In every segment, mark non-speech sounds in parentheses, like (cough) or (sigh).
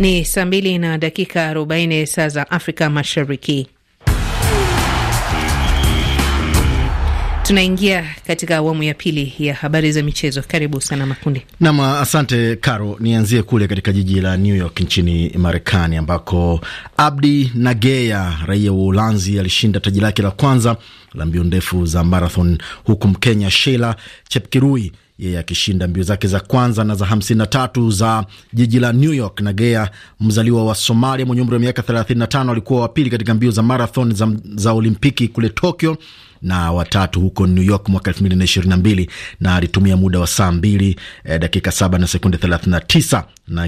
Ni saa mbili na dakika 4 saa za Afrika Mashariki. Tunaingia katika awamu ya pili ya habari za michezo. Karibu sana Makundi. Nam, asante karo Nianzie kule katika jiji la New York nchini Marekani, ambako Abdi Nageya, raia wa Ulanzi, alishinda taji lake la kwanza la mbio ndefu za marathon, huku Mkenya Sheila Chepkirui yeye akishinda mbio zake za kwanza na za 53 za jiji la New York. Na Gea, mzaliwa wa Somalia mwenye umri wa miaka 35, alikuwa wa pili katika mbio za marathon za, za Olimpiki kule Tokyo na watatu huko New York mwaka 2022 na alitumia muda wa saa mbili e, dakika saba na sekunde 39.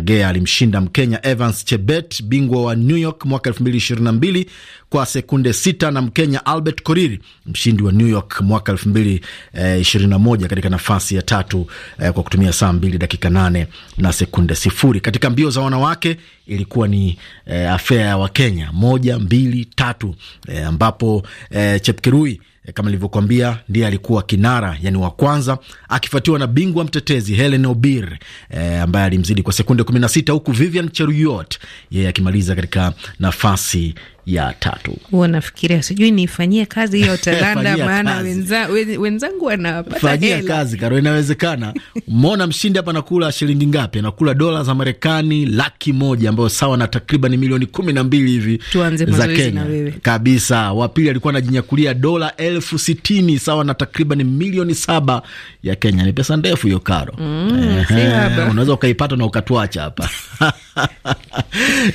Gea alimshinda Mkenya Evans Chebet, bingwa wa New York mwaka 2022 kwa sekunde sita na Mkenya Albert Koriri, mshindi wa New York mwaka 2021 eh, katika nafasi ya tatu tatu eh, kwa kutumia saa mbili dakika nane na sekunde sifuri. Katika mbio za wanawake ilikuwa ni eh, afea ya Wakenya moja mbili tatu eh, ambapo eh, Chepkirui eh, kama nilivyokuambia ndiye alikuwa kinara, yani wa kwanza, akifuatiwa na bingwa mtetezi Helen Obir e, ambaye alimzidi kwa sekunde 16 huku Vivian Cheruyot yeye akimaliza katika nafasi ya tatu. Nafikiria sijui niifanyie kazi hiyo (laughs) Talanda maana wenzangu wanapata fanyia Kazi karo inawezekana. Mona mshindi hapa anakula shilingi ngapi? Anakula dola za Marekani laki moja ambayo sawa na takriban milioni kumi na mbili hivi za Kenya kabisa. Wa pili alikuwa anajinyakulia dola elfu sitini sawa na takriban milioni saba ya Kenya. Ni pesa ndefu hiyo karo. Mm, unaweza ukaipata na ukatuacha hapa. (laughs)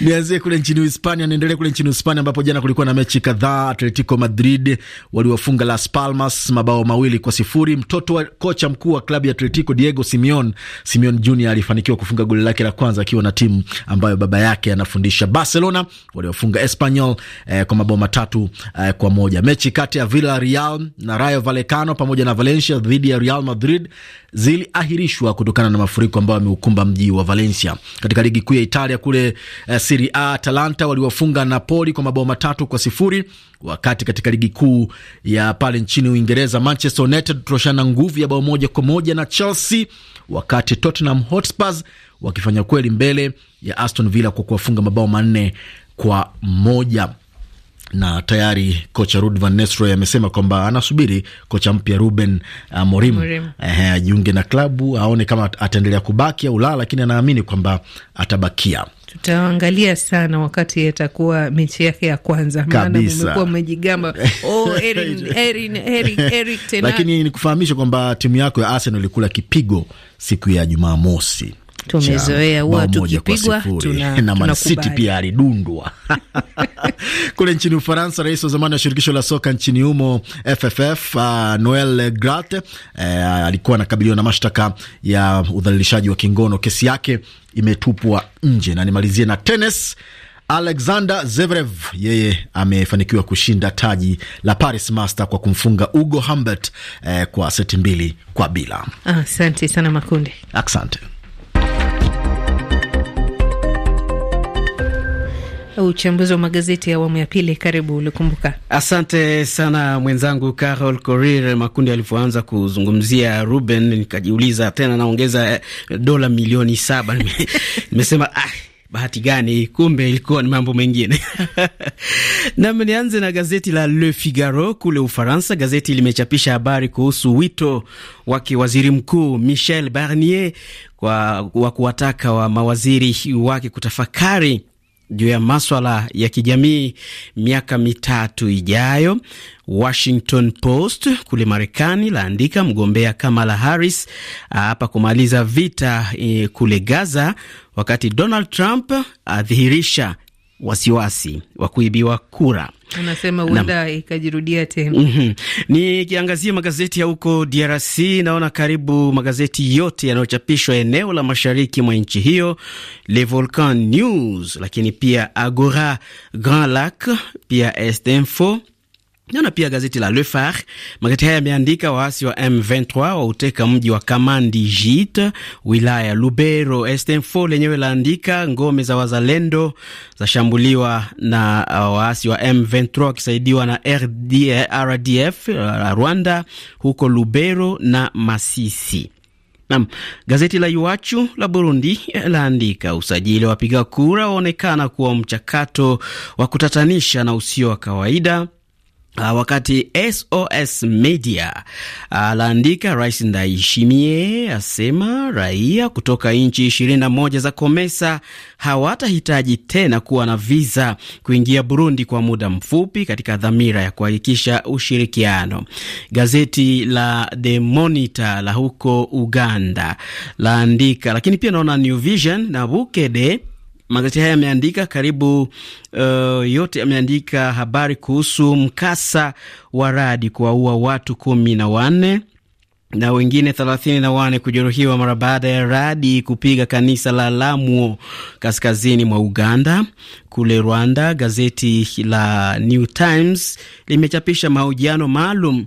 Nianzie kule nchini Hispania, niendelee kule nchini Hispania Hispania ambapo jana kulikuwa na mechi kadhaa. Atletico Madrid waliwafunga Las Palmas mabao mawili kwa sifuri. Mtoto wa kocha mkuu wa klabu ya Atletico Diego Simeone, Simeone Jr alifanikiwa kufunga goli lake la kwanza akiwa na timu ambayo baba yake anafundisha. Barcelona waliwafunga Espanyol eh, kwa mabao matatu eh, kwa moja. Mechi kati ya Villarreal na Rayo Vallecano pamoja na Valencia dhidi ya Real Madrid ziliahirishwa kutokana na mafuriko ambayo yameukumba mji wa Valencia. Katika ligi kuu ya Italia kule eh, Serie A Atalanta waliwafunga Napoli kwa mabao matatu kwa sifuri, wakati katika ligi kuu ya pale nchini Uingereza Manchester United tutoshana nguvu ya bao moja kwa moja na Chelsea, wakati Tottenham Hotspurs wakifanya kweli mbele ya Aston Villa kwa kuwafunga mabao manne kwa moja na tayari kocha Ruud van Nistelrooy amesema kwamba anasubiri kocha mpya Ruben uh, Morim, Morim. ajiunge uh, na klabu aone kama ataendelea kubaki au la, lakini anaamini kwamba atabakia tutaangalia sana wakati atakuwa mechi yake ya kwanza, maana mmekuwa mmejigamba oh, (laughs) lakini kwamba timu yako ya Arsenal ilikula kipigo siku ya Jumamosi tumezoea huwa tukipigwa tuna, (laughs) na Man City pia alidundwa (laughs) kule nchini Ufaransa. Rais wa zamani wa shirikisho la soka nchini humo FFF, uh, Noel Grat uh, eh, alikuwa anakabiliwa na mashtaka ya udhalilishaji wa kingono. Kesi yake imetupwa nje. Na nimalizie na tenis. Alexander Zverev yeye amefanikiwa kushinda taji la Paris Master kwa kumfunga Ugo Humbert eh, kwa seti mbili kwa bila. Asante ah, sana Makundi, asante. Uchambuzi wa magazeti ya awamu ya pili, karibu. Ulikumbuka. Asante sana mwenzangu Carol Korir. Makundi alivyoanza kuzungumzia Ruben nikajiuliza tena, naongeza eh, dola milioni saba (laughs) nimesema ah, bahati gani? Kumbe ilikuwa ni mambo mengine. (laughs) Nam, nianze na gazeti la Le Figaro kule Ufaransa. Gazeti limechapisha habari kuhusu wito wake waziri mkuu Michel Barnier wa kuwataka wa mawaziri wake kutafakari juu ya maswala ya kijamii miaka mitatu ijayo. Washington Post kule Marekani laandika mgombea Kamala Harris hapa kumaliza vita e, kule Gaza, wakati Donald Trump adhihirisha wasiwasi wa kuibiwa kura. Unasema huenda ikajirudia tena. mm -hmm. Nikiangazia magazeti ya huko DRC, naona karibu magazeti yote yanayochapishwa eneo la mashariki mwa nchi hiyo, Le Volcan News, lakini pia Agora, Grand Lac, pia Info Naona pia gazeti la Le Phare, magazeti haya yameandika waasi wa M23 wauteka mji wa Kamandi Jit wilaya Lubero. Estemfo lenyewe laandika ngome za wazalendo zashambuliwa na uh, waasi wa M23 wakisaidiwa na RDF la uh, Rwanda huko Lubero na Masisi. Nam, gazeti la Iwachu la Burundi eh, laandika usajili wa wapiga kura waonekana kuwa mchakato wa kutatanisha na usio wa kawaida Uh, wakati SOS Media alaandika ah, uh, Rais Ndayishimiye asema raia kutoka nchi 21 za COMESA hawatahitaji tena kuwa na visa kuingia Burundi kwa muda mfupi katika dhamira ya kuhakikisha ushirikiano. Gazeti la The Monitor la huko Uganda laandika, lakini pia naona New Vision na Bukede Magazeti haya yameandika karibu uh, yote yameandika habari kuhusu mkasa wa radi kuwaua watu kumi na wanne na wengine thelathini na wane kujeruhiwa mara baada ya radi kupiga kanisa la Lamuo kaskazini mwa Uganda. Kule Rwanda, gazeti la New Times limechapisha mahojiano maalum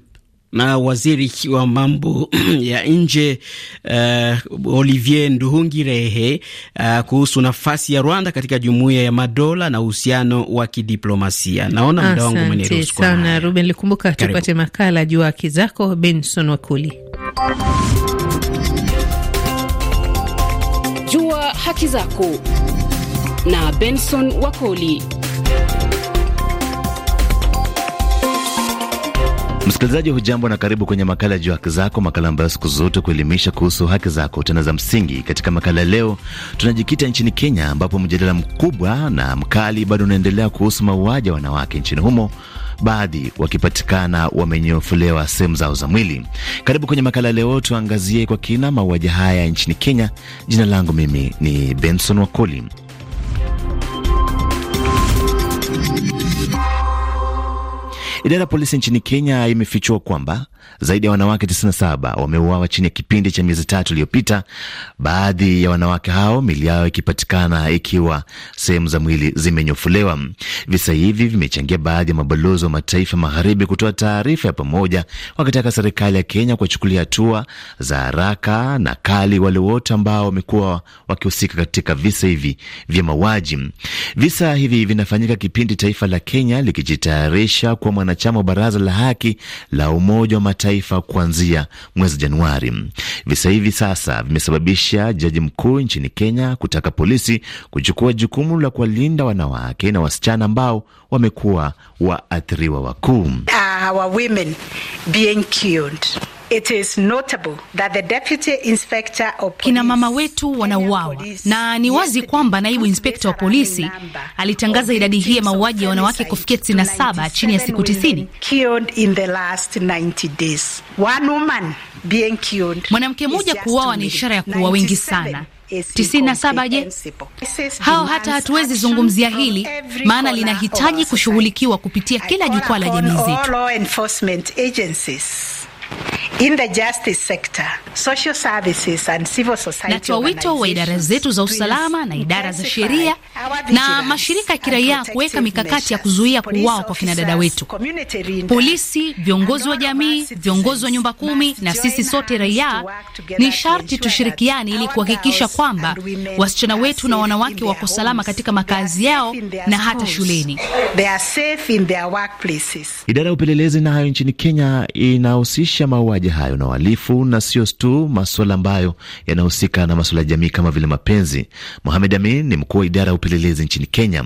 na waziri wa mambo (clears throat) ya nje uh, Olivier Nduhungirehe uh, kuhusu nafasi ya Rwanda katika jumuiya ya madola na uhusiano wa kidiplomasia. Naona muda wangu umeniruhusu sana. Ruben Likumbuka, tupate makala juu ya haki zako. Benson Wakuli, jua haki zako na Benson Wakoli. Msikilizaji hujambo na karibu kwenye makala juu ya haki zako, makala ambayo siku zote kuelimisha kuhusu haki zako tena za msingi. Katika makala leo, tunajikita nchini Kenya ambapo mjadala mkubwa na mkali bado unaendelea kuhusu mauaji ya wanawake nchini humo, baadhi wakipatikana wamenyofulewa sehemu zao za mwili. Karibu kwenye makala leo, tuangazie kwa kina mauaji haya nchini Kenya. Jina langu mimi ni Benson Wakoli. Idara ya polisi nchini Kenya imefichua kwamba zaidi ya wanawake 97 wameuawa chini ya kipindi cha miezi tatu iliyopita, baadhi ya wanawake hao mili yao ikipatikana ikiwa sehemu za mwili zimenyofulewa. Visa hivi vimechangia baadhi ya mabalozi wa mataifa magharibi kutoa taarifa ya pamoja wakitaka serikali ya Kenya kuwachukulia hatua za haraka na kali wale wote ambao wamekuwa wakihusika katika visa hivi vya mauaji. Visa hivi vinafanyika kipindi taifa la Kenya likijitayarisha kuwa mwanachama wa Baraza la Haki la Umoja wa kimataifa kuanzia mwezi Januari. Visa hivi sasa vimesababisha jaji mkuu nchini Kenya kutaka polisi kuchukua jukumu la kuwalinda wanawake na wasichana ambao wamekuwa waathiriwa wakuu. Ah, our women being killed. It is notable that the deputy inspector of police, kina mama wetu wanauawa, na ni wazi kwamba naibu inspekta wa polisi alitangaza idadi hii ya mauaji ya wanawake kufikia 97 chini ya siku 90. Mwanamke mmoja kuuawa ni ishara ya kuwa wengi sana 97. Je, hao hata hatuwezi zungumzia hili, maana linahitaji kushughulikiwa kupitia kila jukwaa la jamii zetu. Natoa wito wa idara zetu za usalama na idara za sheria na mashirika ya kiraia kuweka mikakati ya kuzuia kuuawa kwa kinadada wetu, polisi, viongozi wa jamii, viongozi wa nyumba kumi na sisi sote raia. Ni sharti tushirikiane ili kuhakikisha kwamba wasichana wetu na wanawake wako salama katika makazi yao na hata shuleni. Idara ya upelelezi nayo nchini Kenya inahusisha mauaji hayo na uhalifu, na sio tu masuala ambayo yanahusika na masuala ya jamii kama vile mapenzi. Mohamed Amin ni mkuu wa idara ya upelelezi nchini Kenya.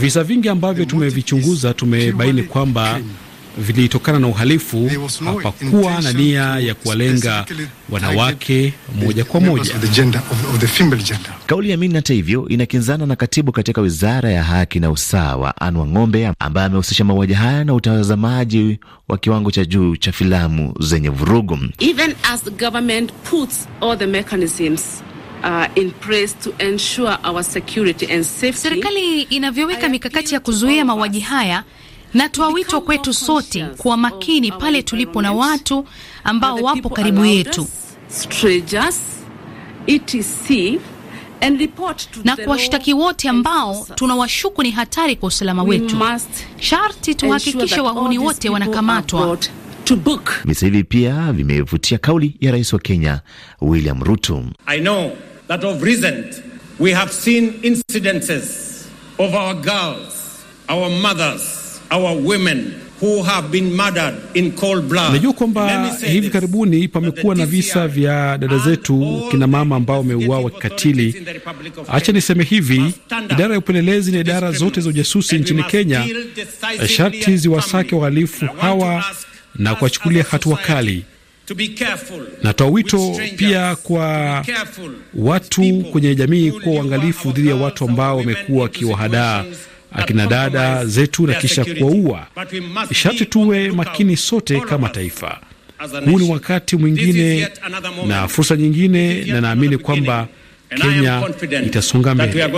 Visa vingi ambavyo tumevichunguza tumebaini kwamba vilitokana na uhalifu, hapakuwa na nia ya kuwalenga wanawake moja kwa moja. Kauli ya Amin hata hivyo inakinzana na katibu katika wizara ya haki na usawa Anwa Ng'ombe, ambaye amehusisha mauaji haya na utazamaji wa kiwango cha juu cha filamu zenye vurugu. Uh, in place to ensure our security and safety. Serikali inavyoweka mikakati ya kuzuia mauaji haya Natoa wito kwetu sote kuwa makini pale tulipo na watu ambao wapo karibu yetu na kuwashtaki wote ambao tunawashuku ni hatari kwa usalama wetu. Sharti tuhakikishe wahuni wote wanakamatwa. Visa hivi pia vimevutia kauli ya rais wa Kenya William Ruto. I know that of recent we have seen incidences of our girls, our mothers our women Who have been murdered in cold blood. Najua kwamba hivi karibuni pamekuwa na visa vya dada zetu kina mama ambao wameuawa kikatili. Acha niseme hivi, idara ya upelelezi na idara zote za ujasusi nchini Kenya sharti ziwasake wahalifu hawa na kuwachukulia hatua kali. Natoa wito pia kwa watu kwenye jamii kuwa uangalifu dhidi ya watu ambao wamekuwa wakiwahadaa akina dada zetu na kisha kuwaua. Sharti tuwe makini sote kama taifa. Huu ni wakati mwingine na fursa nyingine, na naamini kwamba Kenya itasonga mbele.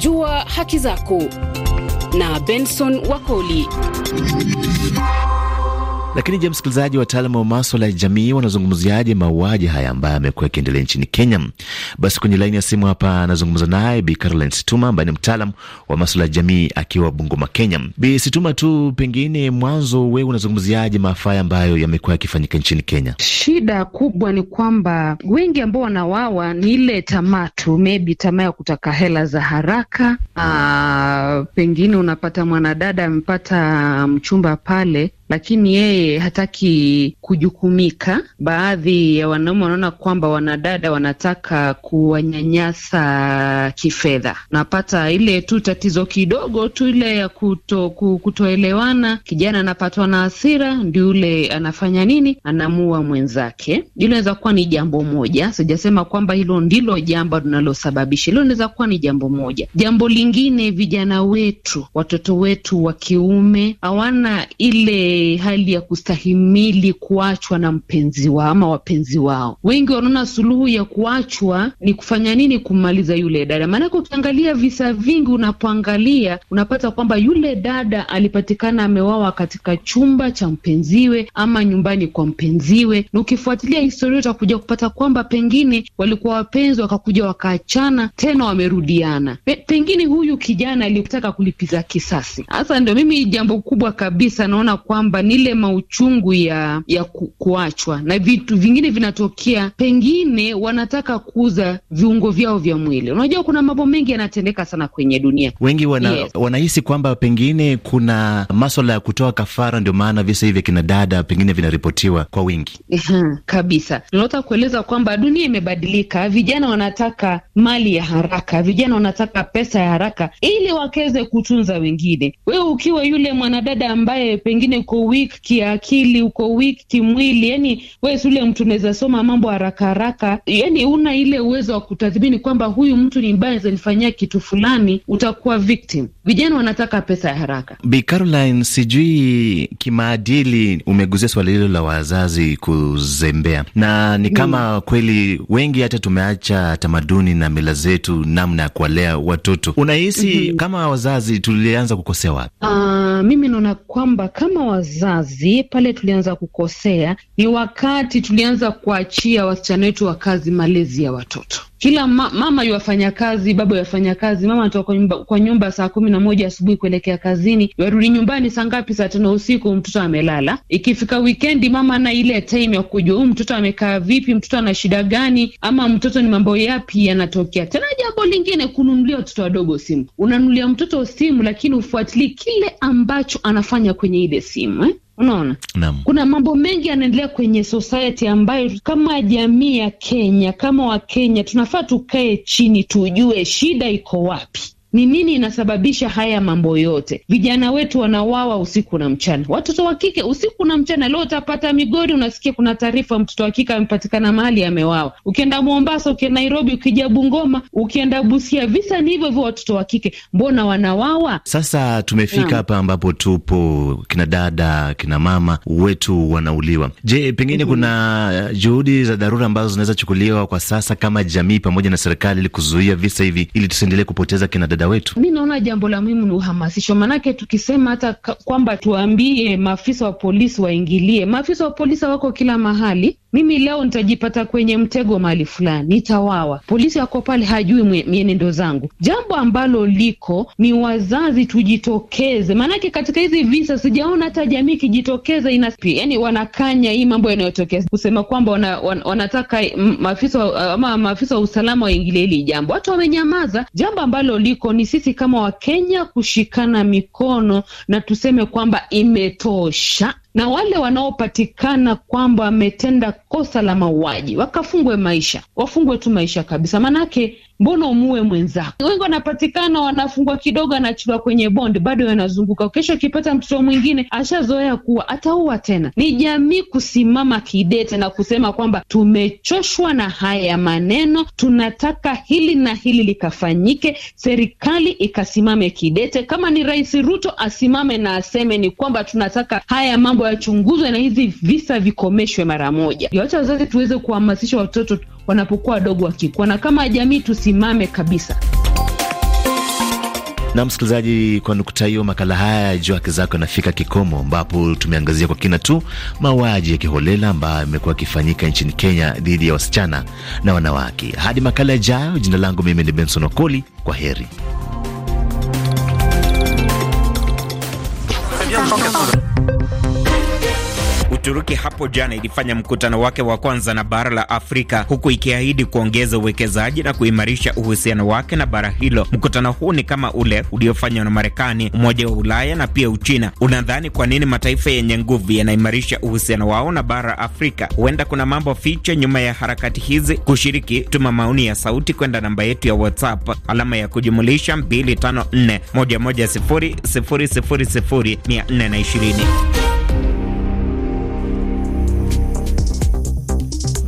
Jua haki zako na Benson Wakoli. Lakini je, msikilizaji, wataalamu wa maswala ya jamii wanazungumziaje mauaji haya ambayo amekuwa yakiendelea nchini Kenya? Basi kwenye laini ya simu hapa anazungumza naye Bi Caroline Situma ambaye ni mtaalam wa maswala ya jamii akiwa Bungoma, Kenya. Bi Situma, tu pengine mwanzo, wewe unazungumziaje maafa ambayo yamekuwa yakifanyika nchini Kenya? Shida kubwa ni kwamba wengi ambao wanawawa ni ile tamaa tu, maybe tamaa ya kutaka hela za haraka. Aa, ah, pengine unapata mwanadada amepata mchumba pale lakini yeye hataki kujukumika. Baadhi ya wanaume wanaona kwamba wanadada wanataka kuwanyanyasa kifedha, napata ile tu tatizo kidogo tu ile ya kuto, kutoelewana. Kijana anapatwa na hasira, ndio yule anafanya nini? Anamua mwenzake. Hilo inaweza kuwa ni jambo moja, sijasema kwamba hilo ndilo jambo linalosababisha hilo, inaweza kuwa ni jambo moja. Jambo lingine, vijana wetu, watoto wetu wa kiume hawana ile hali ya kustahimili kuachwa na mpenzi wao ama wapenzi wao. Wengi wanaona suluhu ya kuachwa ni kufanya nini? kumaliza yule dada. Maanake ukiangalia visa vingi, unapoangalia unapata kwamba yule dada alipatikana amewawa katika chumba cha mpenziwe ama nyumbani kwa mpenziwe, na ukifuatilia historia utakuja kupata kwamba pengine walikuwa wapenzi, wakakuja wakaachana, tena wamerudiana. Pe, pengine huyu kijana alitaka kulipiza kisasi. Hasa ndio mimi jambo kubwa kabisa naona kwamba kwamba nile mauchungu ya ya ku, kuachwa na vitu vingine vinatokea, pengine wanataka kuuza viungo vyao vya mwili. Unajua kuna mambo mengi yanatendeka sana kwenye dunia, wengi wana, yes, wanahisi kwamba pengine kuna maswala ya kutoa kafara, ndio maana visa hivi kina dada pengine vinaripotiwa kwa wingi kabisa. Tunataka kueleza kwamba dunia imebadilika, vijana wanataka mali ya haraka, vijana wanataka pesa ya haraka ili wakeze kutunza wengine. Wewe ukiwa yule mwanadada ambaye pengine uko weak kiakili, uko weak kimwili, yani wewe si ule mtu unaweza soma mambo haraka haraka, yani una ile uwezo wa kutathmini kwamba huyu mtu ni mbaya, zanifanyia kitu fulani, utakuwa victim. Vijana wanataka pesa ya haraka. Bi Caroline, sijui kimaadili, umeguzia swala hilo la wazazi kuzembea, na ni mm. kama mm, kweli wengi hata tumeacha tamaduni na mila zetu, namna ya kuwalea watoto. Unahisi mm -hmm. kama wazazi tulianza kukosea wapi? uh, mimi naona kwamba kama wazazi pale tulianza kukosea, ni wakati tulianza kuachia wasichana wetu wa kazi malezi ya watoto kila ma mama yuwafanya kazi, baba yuwafanya kazi. Mama anatoka kwa nyumba, kwa nyumba saa kumi na moja asubuhi kuelekea kazini, warudi nyumbani saa ngapi? Saa tano usiku, mtoto amelala. Ikifika wikendi, mama ana ile time ya kujua huyu mtoto amekaa vipi, mtoto ana shida gani, ama mtoto ni mambo yapi yanatokea. Tena jambo lingine, kununulia watoto wadogo simu. Unanunulia mtoto simu, lakini ufuatilii kile ambacho anafanya kwenye ile simu eh? Unaona, kuna mambo mengi yanaendelea kwenye society ambayo kama jamii ya Kenya, kama Wakenya tunafaa tukae chini, tujue shida iko wapi ni nini inasababisha haya mambo yote. Vijana wetu wanawawa usiku na mchana, watoto wa kike usiku na mchana. Leo utapata migodi, unasikia kuna taarifa mtoto wa kike amepatikana mahali amewawa. Ukienda Mombasa, ukienda Nairobi, ukija Bungoma, ukienda Busia, visa ni hivyo hivyo, watoto wa kike mbona wanawawa? Sasa tumefika hapa ambapo tupo, kina dada, kina mama wetu wanauliwa. Je, pengine kuna juhudi za dharura ambazo zinaweza chukuliwa kwa sasa kama jamii pamoja na serikali ili kuzuia visa hivi, ili tusiendelee kupoteza kina dada msaada wetu. Mi naona jambo la muhimu ni uhamasisho, maanake tukisema hata kwamba tuambie maafisa wa polisi waingilie, maafisa wa polisi wako kila mahali mimi leo nitajipata kwenye mtego mahali fulani, nitawawa. Polisi ako pale, hajui mienendo zangu. Jambo ambalo liko ni wazazi tujitokeze, maanake katika hizi visa sijaona hata jamii ikijitokeza ina, yani wanakanya hii mambo yanayotokea, kusema kwamba wana, wana, wanataka maafisa ama maafisa wa usalama waingilie hili jambo. Watu wamenyamaza. Jambo ambalo liko ni sisi kama Wakenya kushikana mikono na tuseme kwamba imetosha na wale wanaopatikana kwamba wametenda kosa la mauaji wakafungwe maisha, wafungwe tu maisha kabisa, maanake mbona umue mwenzako? Wengi wanapatikana wanafungwa kidogo, anachiliwa kwenye bondi, bado yanazunguka. Kesho akipata mtoto mwingine, ashazoea kuwa ataua tena. Ni jamii kusimama kidete na kusema kwamba tumechoshwa na haya maneno, tunataka hili na hili likafanyike. Serikali ikasimame kidete, kama ni Rais Ruto asimame na aseme ni kwamba tunataka haya mambo yachunguzwe na hizi visa vikomeshwe mara moja. Wacha wazazi tuweze kuhamasisha watoto wanapokuwa wadogo wakikua, na kama jamii isimame kabisa. Na msikilizaji, kwa nukta hiyo, makala haya ya Jua Haki Zako yanafika kikomo, ambapo tumeangazia kwa kina tu mauaji ya kiholela ambayo yamekuwa akifanyika nchini Kenya dhidi ya wasichana na wanawake. Hadi makala yajayo, jina langu mimi ni Benson Okoli. Kwa heri. Uturuki hapo jana ilifanya mkutano wake wa kwanza na bara la Afrika huku ikiahidi kuongeza uwekezaji na kuimarisha uhusiano wake na bara hilo. Mkutano huu ni kama ule uliofanywa na Marekani, Umoja wa Ulaya na pia Uchina. Unadhani kwa nini mataifa yenye nguvu yanaimarisha uhusiano wao na bara Afrika? Huenda kuna mambo fiche nyuma ya harakati hizi. Kushiriki, tuma maoni ya sauti kwenda namba yetu ya WhatsApp alama ya kujumulisha 254 110 000 420.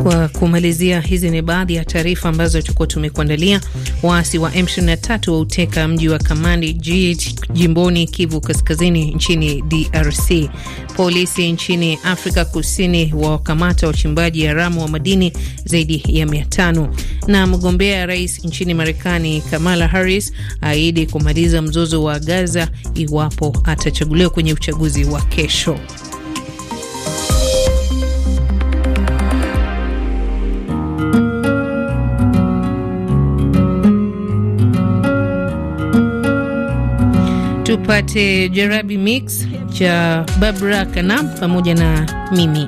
Kwa kumalizia, hizi ni baadhi ya taarifa ambazo tulikuwa tumekuandalia. Waasi wa M23 wauteka mji wa Kamandi jimboni Kivu Kaskazini nchini DRC. Polisi nchini Afrika Kusini wawakamata wachimbaji haramu wa madini zaidi ya mia tano. Na mgombea rais nchini Marekani Kamala Harris aahidi kumaliza mzozo wa Gaza iwapo atachaguliwa kwenye uchaguzi wa kesho. tupate Jerabi Mix cha Babra Kanam pamoja na mimi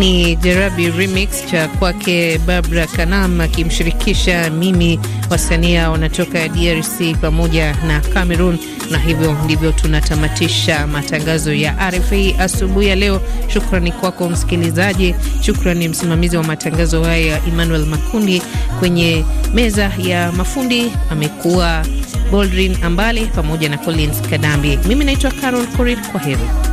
ni Jerabi remix cha kwake Babra Kanam akimshirikisha mimi wasania wanatoka DRC pamoja na Cameroon, na hivyo ndivyo tunatamatisha matangazo ya rfa asubuhi ya leo. Shukrani kwako msikilizaji, shukrani msimamizi wa matangazo haya Emmanuel Makundi. Kwenye meza ya mafundi amekuwa Boldrin Ambale pamoja na Collins Kadambi. Mimi naitwa Carol Korir, kwa heri.